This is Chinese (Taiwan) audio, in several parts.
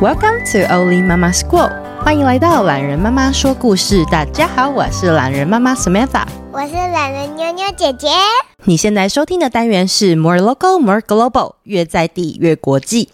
Welcome to Oli Mama School，歡迎來到欖仁媽媽說故事。大家好，我是欖仁媽媽 Samantha，我是欖仁妞妞姐姐。你現在收聽的單元是 More Local, More Global，越在地越國際。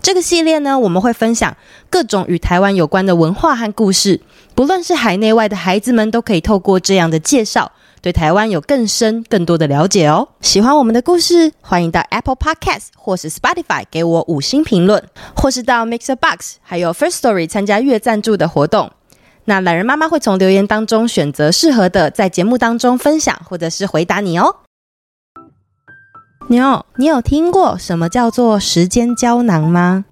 這個系列呢，我們會分享各種與台灣有關的文化和故事，不論是海內外的孩子們，都可以透過這樣的介紹。對台灣有更深、更多的了解哦。喜歡我們的故事，歡迎到 Apple Podcast 或是 Spotify 給我五星評論，或是到 Mixer Box 還有 First Story 參加月贊助的活動。那欖仁媽媽會從留言當中選擇適合的，在節目當中分享或者是回答你哦。妞、哦，你有聽過什麼叫做時間膠囊嗎？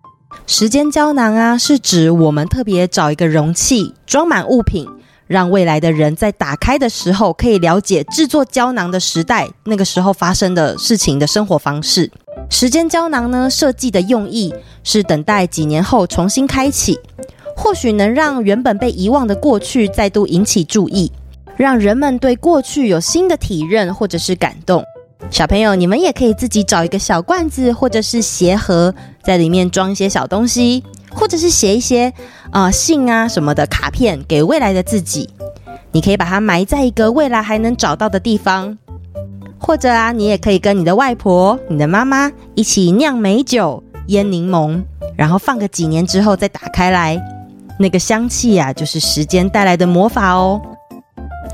時間膠囊啊，是指我們特別找一個容器裝滿物品。讓未來的人在打開的時候，可以了解製作膠囊的時代，那個時候發生的事情的生活方式。時間膠囊呢，設計的用意是等待幾年後重新開啟，或許能讓原本被遺忘的過去再度引起注意，讓人們對過去有新的體認或者是感動。小朋友，你們也可以自己找一個小罐子或者是鞋盒，在裡面裝一些小東西。或者是寫一些，呃，信啊什麼的卡片給未來的自己，你可以把它埋在一個未來還能找到的地方，或者啊，你也可以跟你的外婆、你的媽媽一起釀美酒、醃檸檬，然後放個幾年之後再打開來，那個香氣啊，就是時間帶來的魔法哦。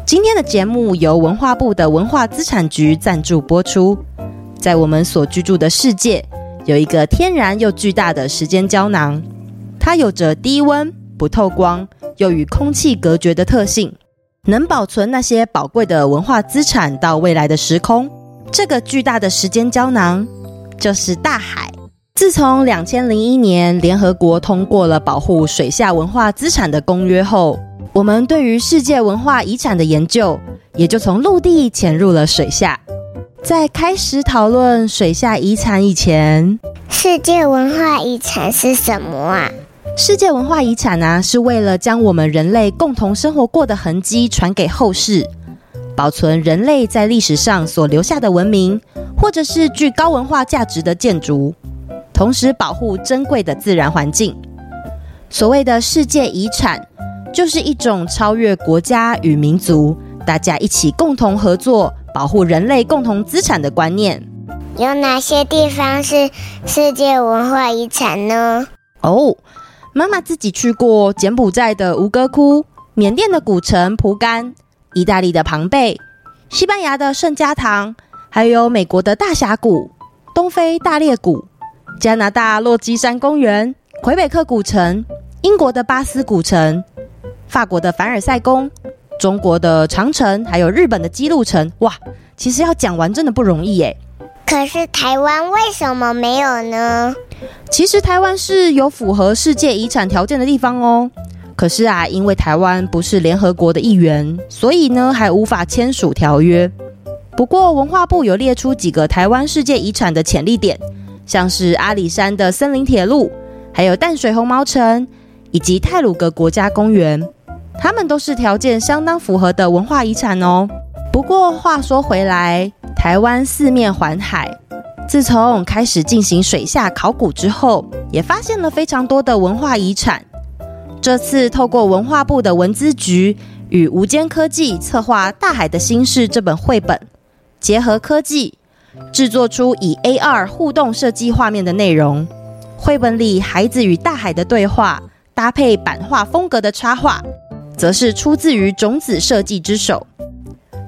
今天的節目由文化部的文化資產局贊助播出，在我們所居住的世界，有一個天然又巨大的時間膠囊，它有着低溫、不透光又與空氣隔絕的特性，能保存那些寶貴的文化資產到未來的時空。這個巨大的時間膠囊就是大海。自從2001年聯合國通過了保護水下文化資產的公約後，我們對於世界文化遺產的研究也就從陸地潛入了水下。在開始討論水下遺產以前，世界文化遺產是什麼啊？世界文化遺產呢、啊，是為了將我們人類共同生活過的痕跡傳給後世，保存人類在歷史上所留下的文明，或者是具高文化價值的建築，同時保護珍貴的自然環境。所謂的世界遺產，就是一種超越國家與民族，大家一起共同合作，保護人類共同資產的觀念。有哪些地方是世界文化遺產呢？哦。Oh, 媽媽自己去過柬埔寨的吳哥窟、緬甸的古城蒲甘、意大利的龐貝、西班牙的聖家堂，還有美國的大峽谷、東非大裂谷、加拿大洛基山公園、魁北克古城、英國的巴斯古城、法國的凡爾賽宮、中國的長城，還有日本的姬路城。哇，其實要講完真的不容易誒。可是台灣為什麼沒有呢？其實台灣是有符合世界遺產條件的地方哦。可是啊，因為台灣不是聯合國的一員，所以呢，還無法簽署條約。不過文化部有列出幾個台灣世界遺產的潛力點，像是阿里山的森林鐵路，還有淡水紅毛城以及太魯閣國家公園，他們都是條件相當符合的文化遺產哦。不過話說回來。台灣四面環海，自從開始進行水下考古之後，也發現了非常多的文化遺產。這次透過文化部的文資局與無間科技策劃《大海的心事》這本繪本，結合科技制作出以 AR 互動設計畫面的內容。繪本裡孩子與大海的對話，搭配版畫風格的插畫，則是出自於種籽設計之手。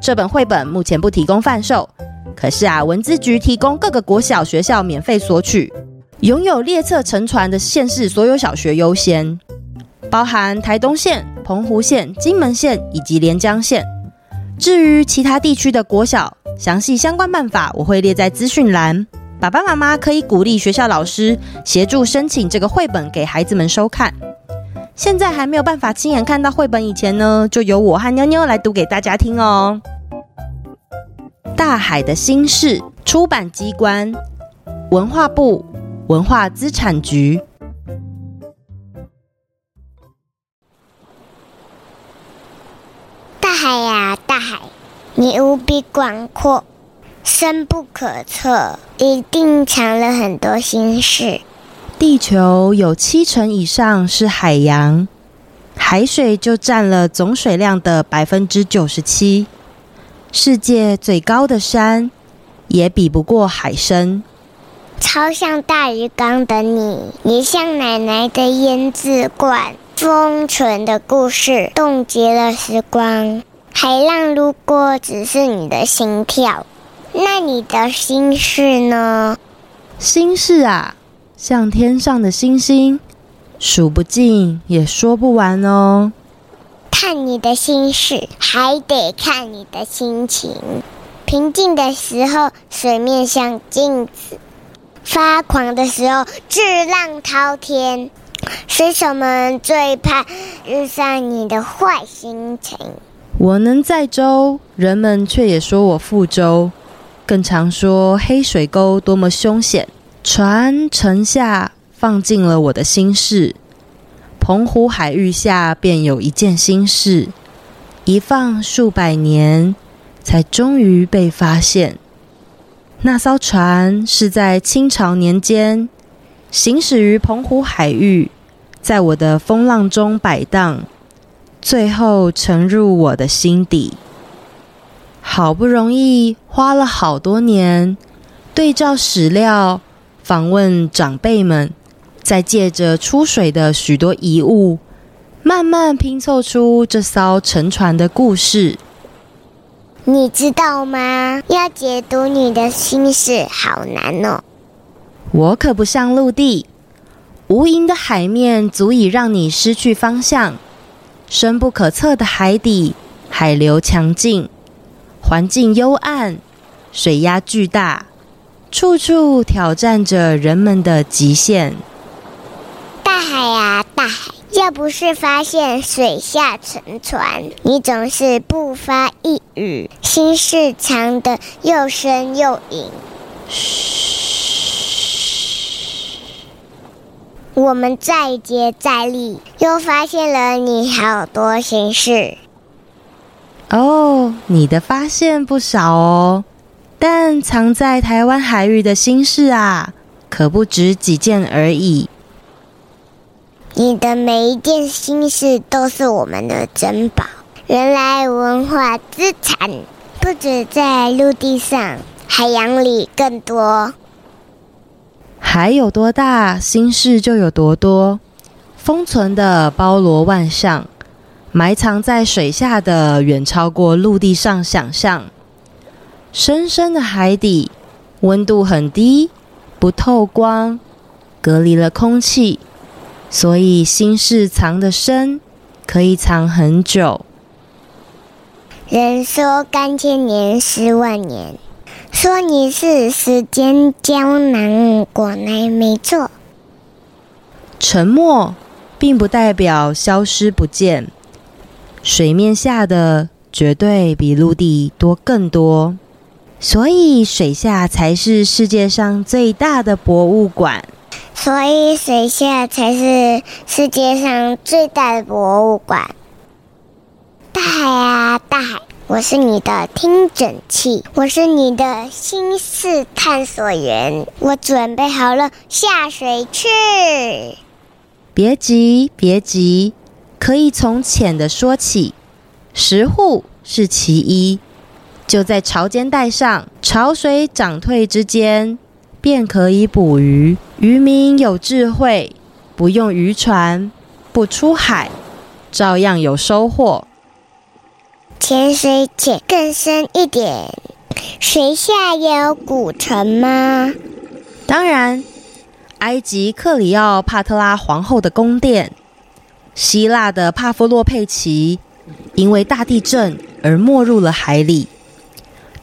這本繪本目前不提供販售，可是啊，文資局提供各個國小學校免費索取，擁有列冊沉船的縣市所有小學優先，包含台東縣、澎湖縣、金門縣以及連江縣。至於其他地區的國小，詳細相關辦法我會列在資訊欄，爸爸媽媽可以鼓勵學校老師協助申請這個繪本給孩子們收看。現在還沒有辦法親眼看到繪本，以前呢，就由我和妞妞來讀給大家聽哦。《大海的心事》出版機關：文化部文化資產局。大海呀，啊，大海，你無比廣闊，深不可測，一定藏了很多心事。地球有七成以上是海洋，海水就佔了總水量的百分之九十七。世界最高的山也比不過海深。超像大魚缸的你，也像奶奶的醃製罐，封存的故事凍結了時光。海浪如果只是你的心跳，那你的心事呢？心事啊。像天上的星星，數不盡也說不完哦。看你的心事，還得看你的心情。平靜的時候，水面像鏡子；發狂的時候，巨浪滔天。水手們最怕遇上你的壞心情。我能載舟，人們卻也說我覆舟，更常說黑水溝多麼兇險。船沉下，放進了我的心事。澎湖海域下便有一件心事，一放數百年，才終於被發現。那艘船是在清朝年間行駛於澎湖海域，在我的風浪中擺盪，最後沉入我的心底。好不容易花了好多年，對照史料。訪問長輩們，再借着出水的許多遺物，慢慢拼湊出這艘沉船的故事。你知道嗎？要解讀你的心事好難哦。我可不像陸地，無垠的海面足以讓你失去方向，深不可測的海底，海流強勁，環境幽暗，水壓巨大。處處挑戰着人們的極限。大海呀、啊，大海，要不是發現水下沉船，你總是不發一語，心事藏得又深又隱。噓噓，我們再接再厲，又發現了你好多心事。哦，oh，你的發現不少哦。藏在台灣海域的心事啊，可不止幾件而已。你的每一件心事都是我們的珍寶。原來文化資產不止在陸地上，海洋裡更多。海有多大，心事就有多多。封存的包羅萬象，埋藏在水下的遠超過陸地上想象。深深的海底，溫度很低，不透光，隔離了空氣，所以心事藏得深，可以藏很久。人說乾千年，濕萬年，說你是時間膠囊，果然沒錯。沉默並不代表消失不見，水面下的絕對比陸地多更多。所以水下才是世界上最大的博物館。所以水下才是世界上最大的博物館。大海呀、啊，大海，我是你的聽診器，我是你的心事探索員，我準備好了下水去。別急，別急，可以從淺的說起，石滬是其一。就在潮間帶上，潮水漲退之間，便可以捕魚。漁民有智慧，不用漁船，不出海，照樣有收穫。潛水，潛更深一點。水下有古城嗎？當然，埃及克里奧帕特拉皇後的宮殿，希臘的帕夫洛佩奇，因為大地震而沒入了海裡。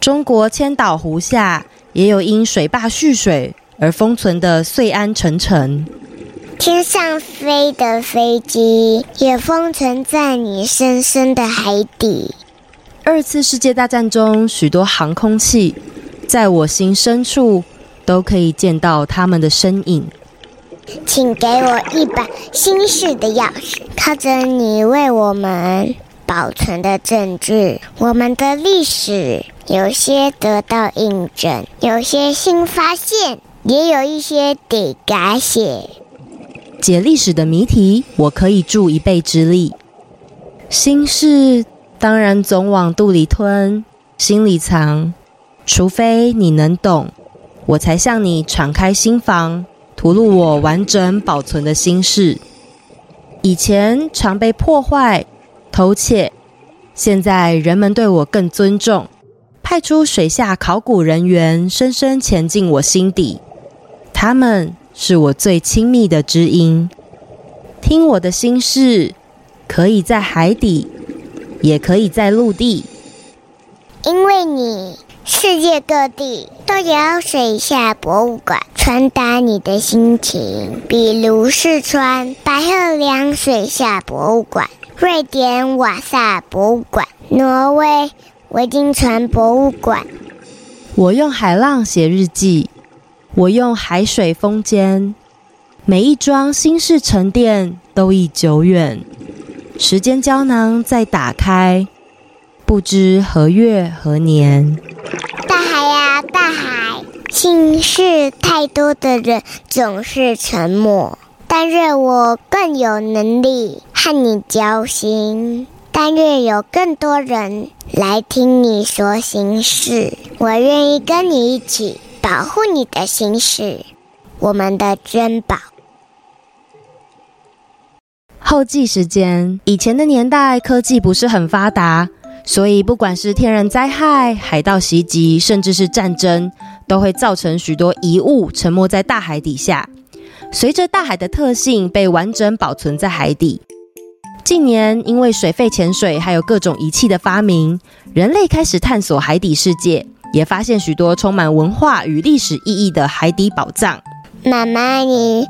中國千島湖下也有因水壩蓄水而封存的遂安沉城。天上飛的飛機也封存在你深深的海底。二次世界大戰中許多航空器，在我心深處都可以見到他們的身影。請給我一把新式的鑰匙，靠着你為我們保存的證據，我們的歷史。有些得到印證，有些新發現，也有一些得改寫。解歷史的謎題，我可以助一臂之力。心事當然總往肚裡吞，心裡藏，除非你能懂，我才向你敞開心房，吐露我完整保存的心事。以前常被破壞、偷竊，現在人們對我更尊重。派出水下考古人員，深深潛進我心底。他們是我最親密的知音，聽我的心事，可以在海底，也可以在陸地。因為你，世界各地都有水下博物館傳達你的心情，比如四川白鶴樑水下博物館、瑞典瓦薩博物館、挪威。維京船博物館。我用海浪寫日記，我用海水封緘，每一樁心事沉澱都已久遠。時間膠囊再打開，不知何月何年。大海呀、啊，大海，心事太多的人總是沉默，但願我更有能力和你交心。但願有更多人來聽你說心事，我願意跟你一起保護你的心事，我們的珍寶。後繼時間：以前的年代科技不是很發達，所以不管是天然災害、海盜襲擊，甚至是戰爭，都會造成許多遺物沉沒在大海底下，隨着大海的特性被完整保存在海底。近年，因為水肺潛水還有各種儀器的發明，人類開始探索海底世界，也發現許多充滿文化與歷史意義的海底寶藏。媽媽，你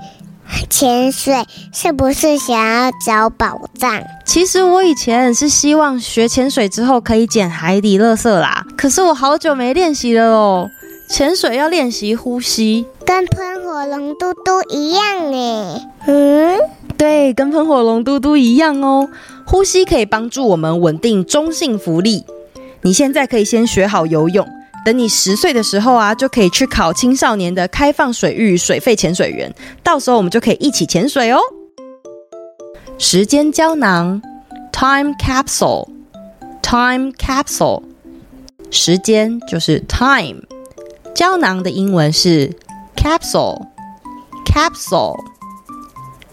潛水是不是想要找寶藏？其實我以前是希望學潛水之後可以撿海底垃圾啦。可是我好久沒練習了哦，潛水要練習呼吸，跟噴火龍嘟嘟一樣耶。嗯。對，跟噴火龍嘟嘟一樣哦，呼吸可以幫助我們穩定中性浮力。你現在可以先學好游泳，等你十歲的時候啊，就可以去考青少年的開放水域水肺潛水員，到時候我們就可以一起潛水哦。時間膠囊 （time capsule），time capsule，時間就是 time，膠囊的英文是 capsule，capsule。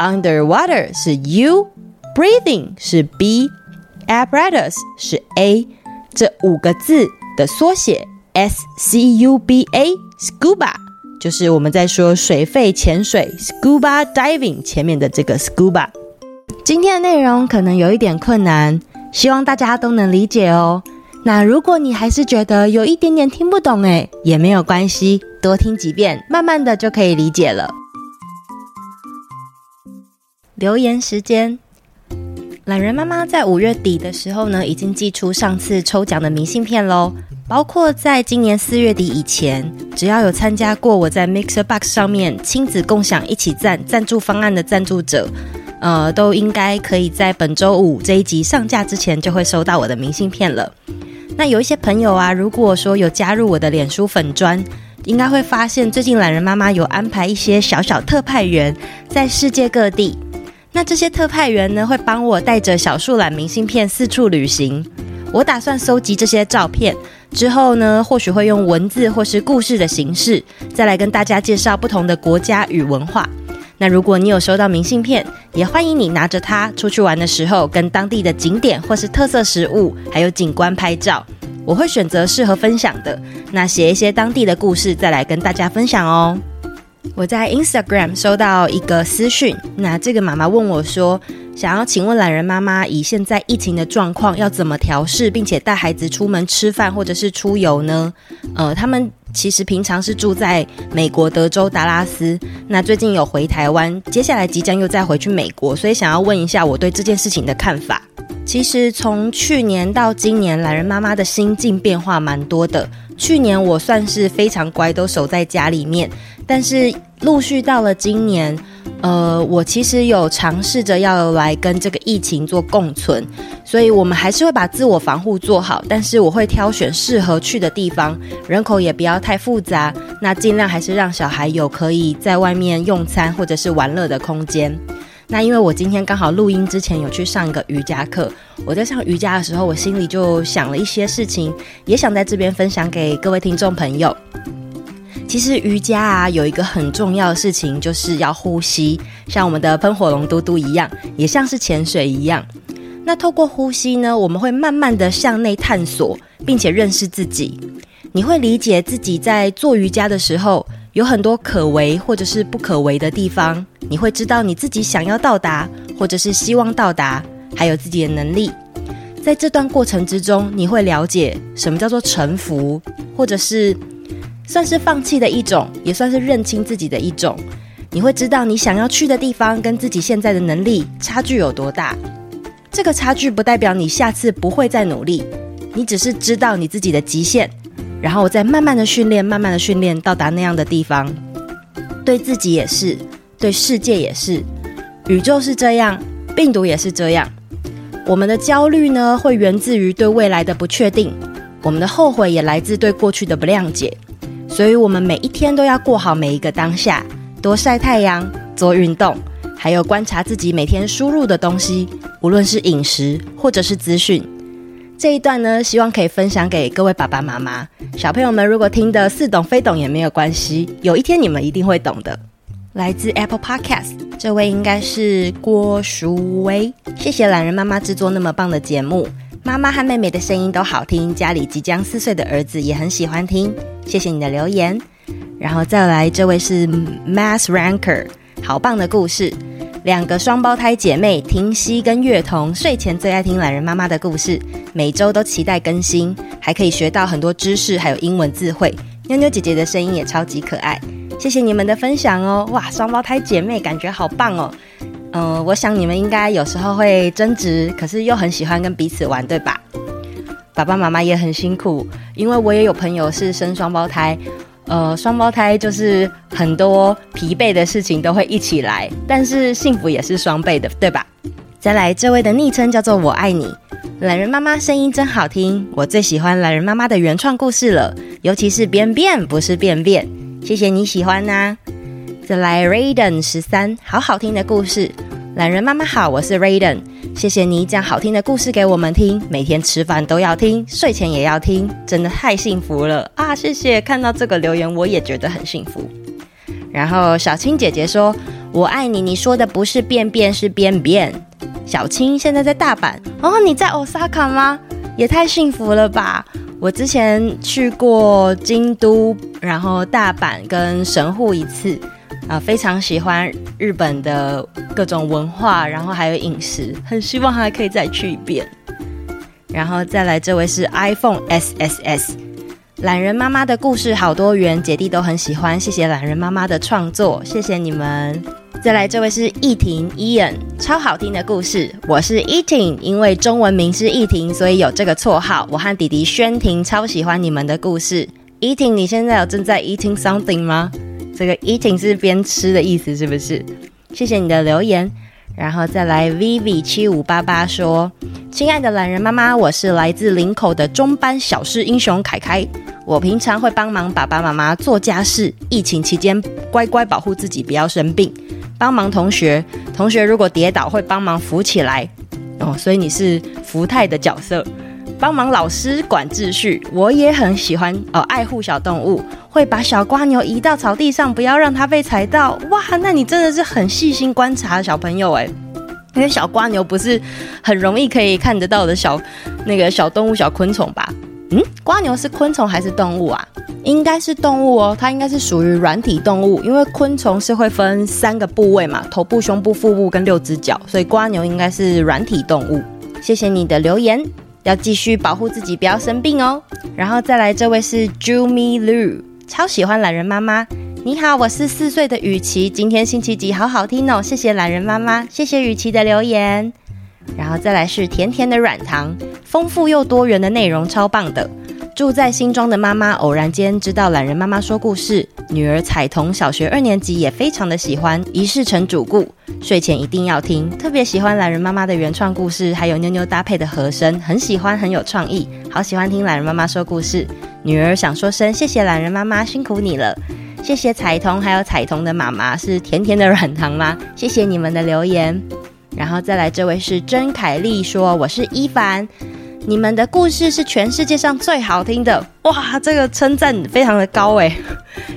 Underwater 是 U，breathing 是 B，apparatus 是 A，這五個字的縮寫 SCUBA，scuba 就是我們在說水肺潛水 scuba diving 前面的這個 scuba。今天的內容可能有一點困難，希望大家都能理解哦。那如果你還是覺得有一點點聽不懂，哎，也沒有關係，多聽幾遍，慢慢的就可以理解了。留言時間，欖仁媽媽在五月底的時候呢，已經寄出上次抽獎的明信片嘍。包括在今年四月底以前，只要有參加過我在 Mixer Box 上面親子共享一起贊贊助方案的贊助者，呃，都應該可以在本周五這一集上架之前，就會收到我的明信片了。那有一些朋友啊，如果說有加入我的臉書粉專，應該會發現最近欖仁媽媽有安排一些小小特派員在世界各地。那這些特派員呢，會幫我帶着小樹懶明信片四處旅行。我打算蒐集這些照片之後呢，或許會用文字或是故事的形式，再來跟大家介紹不同的國家與文化。那如果你有收到明信片，也歡迎你拿着它出去玩的時候，跟當地的景點或是特色食物，還有景觀拍照。我會選擇適合分享的，那寫一些當地的故事，再來跟大家分享哦。我在 Instagram 收到一個私訊，那這個媽媽問我說，想要請問欖仁媽媽，以現在疫情的狀況，要怎麼調適，並且帶孩子出門吃飯或者是出遊呢？呃，他們其實平常是住在美國德州達拉斯，那最近有回台灣，接下來即將又再回去美國，所以想要問一下我對這件事情的看法。其實從去年到今年，欖仁媽媽的心境變化蠻多的。去年我算是非常乖，都守在家裡面。但是陸續到了今年，呃，我其實有嘗試着要來跟這個疫情做共存，所以我們還是會把自我防護做好。但是我會挑選適合去的地方，人口也不要太複雜。那盡量還是讓小孩有可以在外面用餐或者是玩樂的空間。那因為我今天剛好錄音之前有去上一個瑜伽課，我在上瑜伽的時候，我心裡就想了一些事情，也想在這邊分享給各位聽眾朋友。其實瑜伽啊，有一個很重要的事情就是要呼吸，像我們的噴火龍嘟嘟一樣，也像是潛水一樣。那透過呼吸呢，我們會慢慢的向內探索，並且認識自己。你會理解自己在做瑜伽的時候，有很多可為或者是不可為的地方，你會知道你自己想要到達或者是希望到達，還有自己的能力。在這段過程之中，你會了解什麼叫做臣服，或者是算是放棄的一種，也算是認清自己的一種。你會知道你想要去的地方跟自己現在的能力差距有多大。這個差距不代表你下次不會再努力，你只是知道你自己的極限。然後再慢慢的訓練，慢慢的訓練，到達那樣的地方。對自己也是，對世界也是。宇宙是這樣，病毒也是這樣。我們的焦慮呢，會源自於對未來的不確定；我們的後悔也來自對過去的不諒解。所以，我們每一天都要過好每一個當下，多曬太陽，做運動，還有觀察自己每天輸入的東西，無論是飲食或者是資訊。這一段呢，希望可以分享給各位爸爸媽媽、小朋友們。如果聽得似懂非懂也沒有關係，有一天你們一定會懂的。來自 Apple Podcast，這位應該是郭淑薇。謝謝欖仁媽媽製作那麼棒的節目，媽媽和妹妹的聲音都好聽，家裡即將四歲的兒子也很喜歡聽。謝謝你的留言。然後再來，這位是 Mass Ranker，好棒的故事。兩個雙胞胎姐妹婷熙跟月童，睡前最愛聽欖仁媽媽的故事，每周都期待更新，還可以學到很多知識，還有英文字彙。妞妞姐姐的聲音也超級可愛，謝謝你們的分享哦！哇，雙胞胎姐妹感覺好棒哦。嗯、呃，我想你們應該有時候會爭執，可是又很喜歡跟彼此玩，對吧？爸爸媽媽也很辛苦，因為我也有朋友是生雙胞胎。呃，雙胞胎就是很多疲憊的事情都會一起來，但是幸福也是雙倍的，對吧？再來，這位的昵稱叫做“我愛你”，欖仁媽媽聲音真好聽，我最喜歡欖仁媽媽的原創故事了，尤其是“變變”不是“便便”，謝謝你喜歡吶、啊。再來，Raden 十三，13, 好好聽的故事。欖仁媽媽好，我是 Rayden，謝謝你講好聽的故事給我們聽，每天吃飯都要聽，睡前也要聽，真的太幸福了啊！謝謝，看到這個留言我也覺得很幸福。然後小青姐姐姐說：“我愛你。”你說的不是便便，是便便。小青現在在大阪哦，你在 Osaka 嗎？也太幸福了吧！我之前去過京都，然後大阪跟神戶一次。啊、呃，非常喜歡日本的各種文化，然後還有飲食，很希望還可以再去一遍。然後再來，這位是 iPhone S S S，欖仁媽媽的故事好多元，姐弟都很喜歡，謝謝欖仁媽媽的創作，謝謝你們。再來，這位是易婷 Ian，超好聽的故事。我是 Eating，因為中文名是易婷，所以有這個綽號。我和弟弟軒婷婷超喜歡你們的故事。Eating，你現在有正在 eating something 嗎？這個 eating 是邊吃的意思，是不是？謝謝你的留言，然後再來 vivi 七五八八說：“親愛的欖仁媽媽，我是來自林口的中班小事英雄凱凱，我平常會幫忙爸爸媽媽做家事，疫情期間乖乖保護自己，不要生病，幫忙同學，同學如果跌倒會幫忙扶起來哦，所以你是福泰的角色。”幫忙老師管秩序，我也很喜歡哦。愛護小動物，會把小蝸牛移到草地上，不要讓它被踩到。哇，那你真的是很細心觀察小朋友哎，因為小蝸牛不是很容易可以看得到的小那個小動物小昆蟲吧？嗯，蝸牛是昆蟲還是動物啊？應該是動物哦，它應該是屬於軟體動物，因為昆蟲是會分三個部位嘛，頭部、胸部、腹部跟六只腳，所以蝸牛應該是軟體動物。謝謝你的留言。要繼續保護自己，不要生病哦。然後再來，這位是 Jumilu，超喜歡欖仁媽媽。你好，我是四歲的雨琦，今天星期幾？好好聽哦，謝謝欖仁媽媽，謝謝雨琦的留言。然後再來是甜甜的軟糖，豐富又多元的內容，超棒的。住在新莊的媽媽偶然間知道欖仁媽媽說故事，女兒彩彤小學二年級也非常的喜歡，一試成主顧，睡前一定要聽。特別喜歡欖仁媽媽的原創故事，還有妞妞搭配的和聲，很喜歡，很有創意。好喜歡聽欖仁媽媽說故事，女兒想說聲謝謝欖仁媽媽辛苦你了，謝謝彩彤，還有彩彤的媽媽是甜甜的軟糖嗎？謝謝你們的留言。然後再來這位是甄凱麗說，我是一凡。你們的故事是全世界上最好聽的哇！這個稱讚非常的高哎。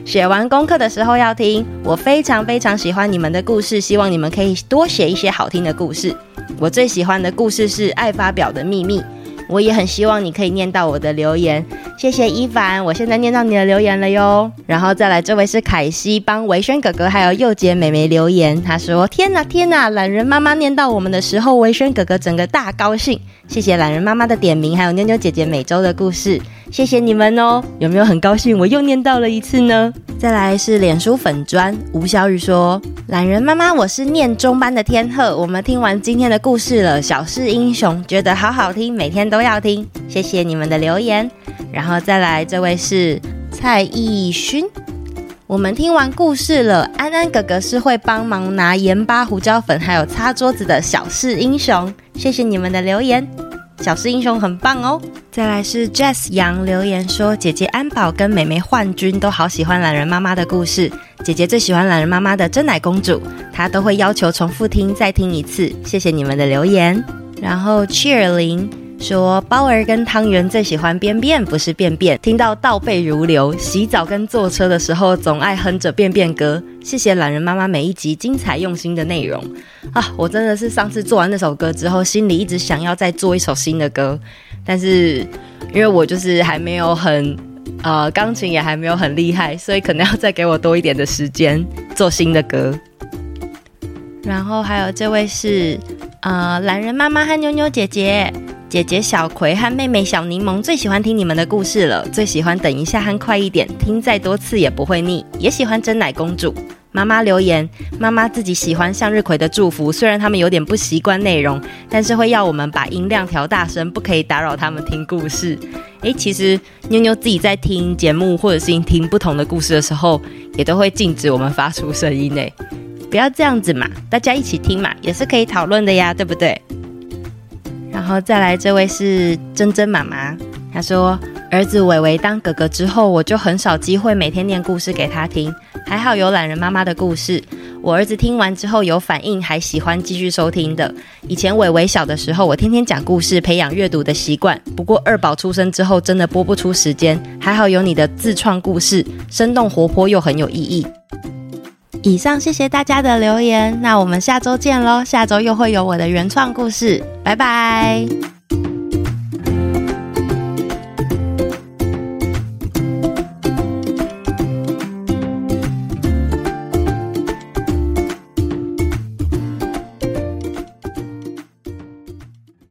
寫完功課的時候要聽，我非常非常喜歡你們的故事，希望你們可以多寫一些好聽的故事。我最喜歡的故事是《愛發表的秘密》。我也很希望你可以念到我的留言，謝謝一凡，我現在念到你的留言了喲。然後再來，這位是凱西，幫維軒哥哥還有柚杰妹妹留言。他說：天哪、啊，天哪、啊，欖仁媽媽念到我們的時候，維軒哥哥整個大高興。謝謝欖仁媽媽的點名，還有妞妞姐姐每週的故事。謝謝你們哦，有沒有很高興我又念到了一次呢？再來是臉書粉專吳小雨說：“欖仁媽媽，我是念中班的天鶴，我們聽完今天的故事了，《小事英雄》覺得好好聽，每天都要聽。謝謝你們的留言。然後再來，這位是蔡藝勳，我們聽完故事了，安安哥哥是會幫忙拿鹽巴、胡椒粉，還有擦桌子的小事英雄。謝謝你們的留言。”小獅英雄很棒哦！再來是 Jess 楊留言說，姐姐安寶跟妹妹幻君都好喜歡《欖仁媽媽》的故事。姐姐最喜歡《欖仁媽媽》的珍奶公主，她都會要求重複聽再聽一次。謝謝你們的留言。然後 Cheer l 玲。說包兒跟湯圓最喜歡便便，不是便便。聽到倒背如流，洗澡跟坐車的時候總愛哼着便便歌。謝謝欖仁媽媽每一集精彩用心的內容啊！我真的是上次做完那首歌之後，心裡一直想要再做一首新的歌，但是因為我就是還沒有很呃鋼琴也還沒有很厲害，所以可能要再給我多一點的時間做新的歌。然後還有這位是呃欖仁媽媽和妞妞姐姐。姐姐小葵和妹妹小檸檬最喜歡聽你們的故事了，最喜歡等一下很快一點，聽再多次也不會膩。也喜歡珍奶公主媽媽留言，媽媽自己喜歡向日葵的祝福，雖然他們有點不習慣內容，但是會要我們把音量調大聲，不可以打擾他們聽故事。誒，其實妞妞自己在聽節目或者是聽不同的故事的時候，也都會禁止我們發出聲音呢。不要這樣子嘛，大家一起聽嘛，也是可以討論的呀，對不對？然後再來，這位是珍珍媽媽，她說兒子偉偉當哥哥之後，我就很少機會每天念故事給他聽，還好有欖仁媽媽的故事，我兒子聽完之後有反應，還喜歡繼續收聽的。以前偉偉小的時候，我天天講故事，培養閱讀的習慣，不過二寶出生之後，真的撥不出時間，還好有你的自創故事，生動活潑又很有意義。以上謝謝大家的留言，那我們下周見嘍，下周又會有我的原創故事，拜拜。